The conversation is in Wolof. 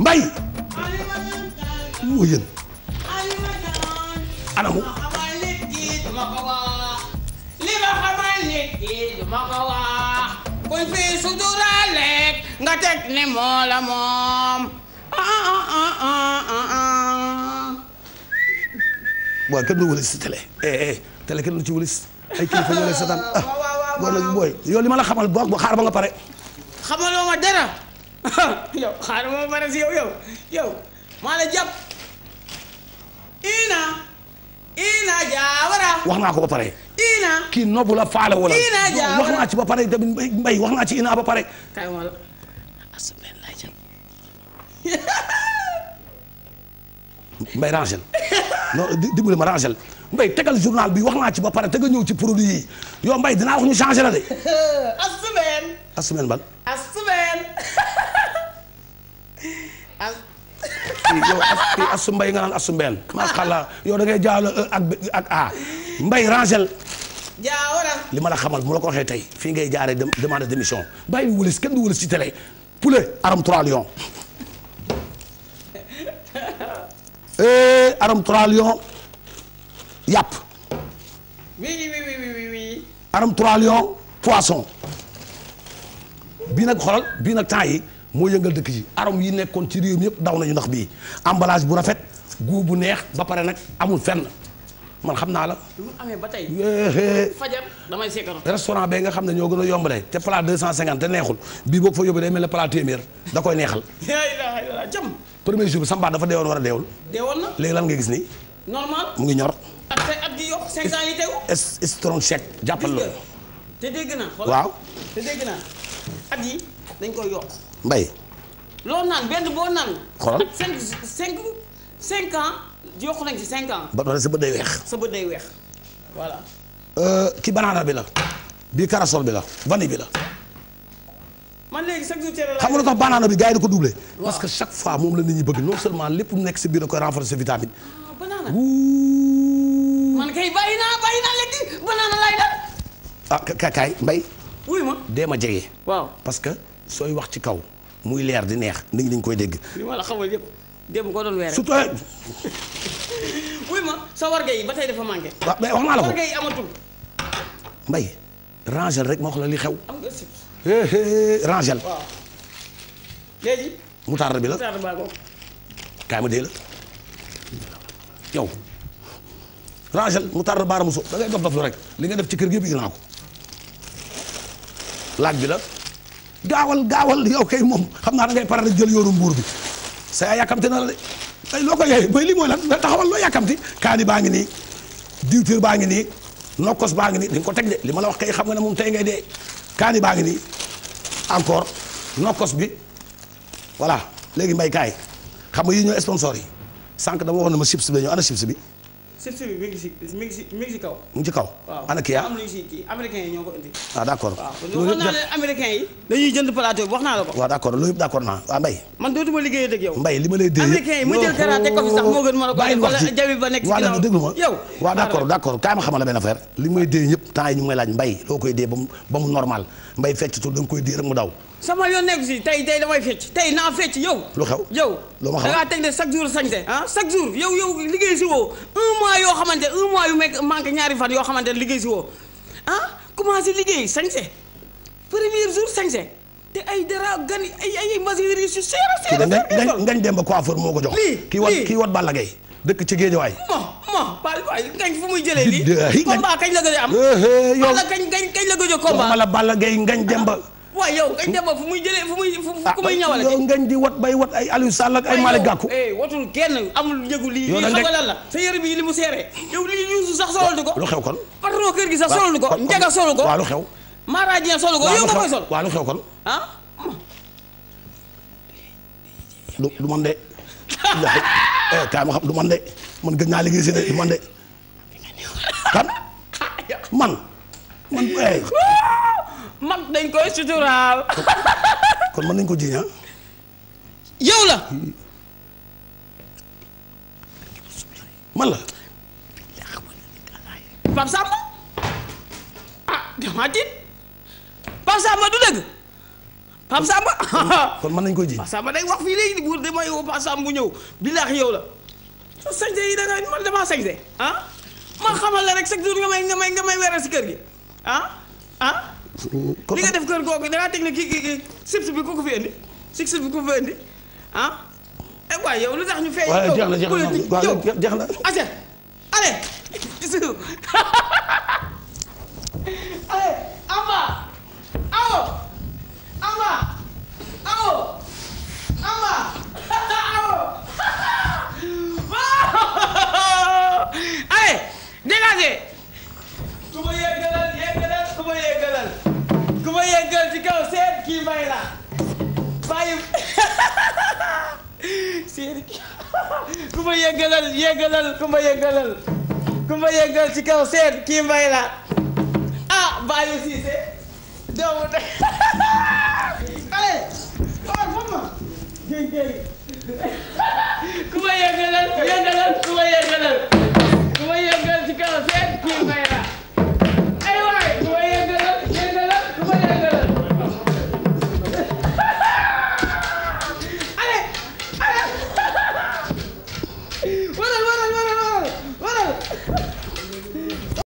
mbay moo yën anamu li ma xamal nit ki du ma ko wax kuñ fi suturaaleeg nga teg ne moo la moom waaw kenn du wëlis si télé eh, eh, télé kenn du ci wëlis ay kilifa ñoo lay seetaan ah boo nag booy yow li ma la xamal boog ba xaar ba nga pare xamaloo ma dara yow xaaral ma pare si yow yow yow maa la jàpp ina ina wax naa ko ba pare ina kii nobu la faale wala ina jaawara wax naa ci ba pare tamit mbay wax naa ci ina ba pare kay wala asmen lay jël mbay rangel non dimbali ma rangel mbay tegal journal bi wax naa ci ba pare te nga ñëw ci produit yi yow mbay dinaa wax ñu changé la de asmen asmen yow asu mbay nga naan asu mbeen maaxalla yow da ngay jaawla ak ak mbay rangel li ma la xamal mu la ko waxee tey fii ngay jaaree demande d'émission bàyyi bi wëlis kenn du wëlis ci télé poulet aram 3 lion eh, aram 3 lion yàpp bii nag xoolal bii nag temps yi moo yëngal dëkk yi arom yi nekkoon ci réew mi yëpp daw nañu ndax bii emballage bu rafet goût bu neex ba pare nag amul fen man xam naa la. lu amee ba tey. Eh, eh. fajar damay seekaru. restaurant bee nga xam ne ñoo gën a yombale te plat 250 te neexul bii boo fa yóbbu day mel ne plat téeméer da koy neexal. jam premier jour bi Samba dafa deewoon war a deewul. deewoon na léegi lan nga gis nii. normal mu ngi ñor. ak tey at gi yokk 500 yi teew. strong chèque jàppal loolu. te dégg na waaw te yi dañ koy yokk. mbay. loo naan benn boo naan. xoolal cinq cinq ans yokk nañ ci cinq ans. ba pare sa bët day weex. sa bët day weex euh, ki banaana bi la. bii corossol bi la vanille bi la. man léegi chaque jour cere la. xam nga tax banaana bi gars yi ko doublé. parce que chaque fois moom la nit ñi bëgg non seulement lépp nekk si biir da koy renforcer vitamine. Ah, man kay bàyyi naa bàyyi naa léegi banaana laay dal. ah kay Mbaye. wuy dee ma jege. sooy wax ci kaw muy leer di neex nit ñi dañ koy dégg. li ma la xamal yëpp démb ko doon weer. wuy ma sa warga yi ba tey dafa manqué. waaw ah, wax naa la ko mbay rangel rek ma wax la li xew. am léegi. moutarde bi la moutarde baa ko. kaay ma dee la yow. rangel moutarde baara muso da ngay dof dof lu rek li nga def ci kër gi yëpp naa ko laaj bi la. gaawal gaawal yow kay moom xam naa da ngay paral jël yoonu mbuur bi sa yaa yàkkamte na la de tey loo ko yooyee mooy lii mooy lan da taxawal loo yàkkamti kaani baa ngi nii diwtiir baa ngi nii nokkos baa ngi nii dañ ko teg li ma la wax kay xam nga ne moom tey ngay dee kaani baa ngi nii encore nokkos bi voilà léegi mbay kaay xam nga yi ñoo sponsor yi sànq dama wax na ma chips bi la ñoo ana chips bi surtout mi ngi si mi ngi si mi mu ngi kaw. waaw ana am nañu si kii américain yi ah, loolu yëpp naa wax naa la ko. waaw d' accord loolu ah, man dootuma liggéeyee ak yow. Mbaye li ma lay dee américain la ko. bàyyi wax ji ma yow. waaw d' accord d' accord kaay ma xamal la benn li may dee ñëpp temps yi ñu may laaj Mbaye loo koy dee ba mu normal Mbaye fecc tur da koy dee rek mu daw sama yoon nekk si tey tey damay fecc tey naa fecc yow. lu xew yow. loo ma xaw da ngaa teg ne chaque jour sañse ah chaque jour yow yow liggéey si woo un mois yoo xamante un mois yu mekk manqué ñaari fan yoo xamante liggéey si woo ah commencé liggéey sañse premier jour sañse te ay dara gan ay ay machinerie su seer a seer a ngañ dem ba coiffeur moo ko jox kii wat kii wat Balla Gaye dëkk ci géejawaay mo baal waay ngañ fu muy jëlee lii combat kañ la gëj a am. Eh, eh, yow la kañ kañ la gëj a combat. wala Balla ngañ dem waaw yow ngañ dem ba fu muy jëlee fu muy fu ku muy ah, ñawale yow ngañ di wat bay wat ay Aliou Sall ak ay Malick Gakou eh, watul kenn amul njëgu lii lii xam nga lan la sa yëre bi li mu seere yow lii Youssou sax sololdu ko lu xew kon patron kër gi sax sololdu ko a solu ko waaw lu xew Mara Dieng solu ko yow lu xew kon ah? du eh, ma xam du man man gëj naa mag dañ koy suturaal. kon mën nañ ko jiiñ ah? yow la. man la. Pape Samba ah damaa tiit Pape Samba du dëgg. Pape Samba kon mën nañ ko ji Pape Samba day wax fii léegi buur damay woo Pape bu ñëw billaahi yow la sa sañse yi da nga man damaa sañse ah ma xamal la rek chaque jour nga may nga may weeral si kër gi ah, ah? li nga def kër googu danaa teg ne kii kii kii sips bi ku ko fi indi sips bi ku ko fi indi ah. Eh, waaye yow lu tax ñu feeñ. waaye jeex na jeex na jeex na. allez. séeri ku ma yëgalal yëgalal ku ma yëgalal ci kaw seet kii mbay la ah bàyyi siise doomu de ale xool mama jéy jéy ku ma yëgalal yëgalal ku ma yëgalal ku ci kaw seet kii mbay la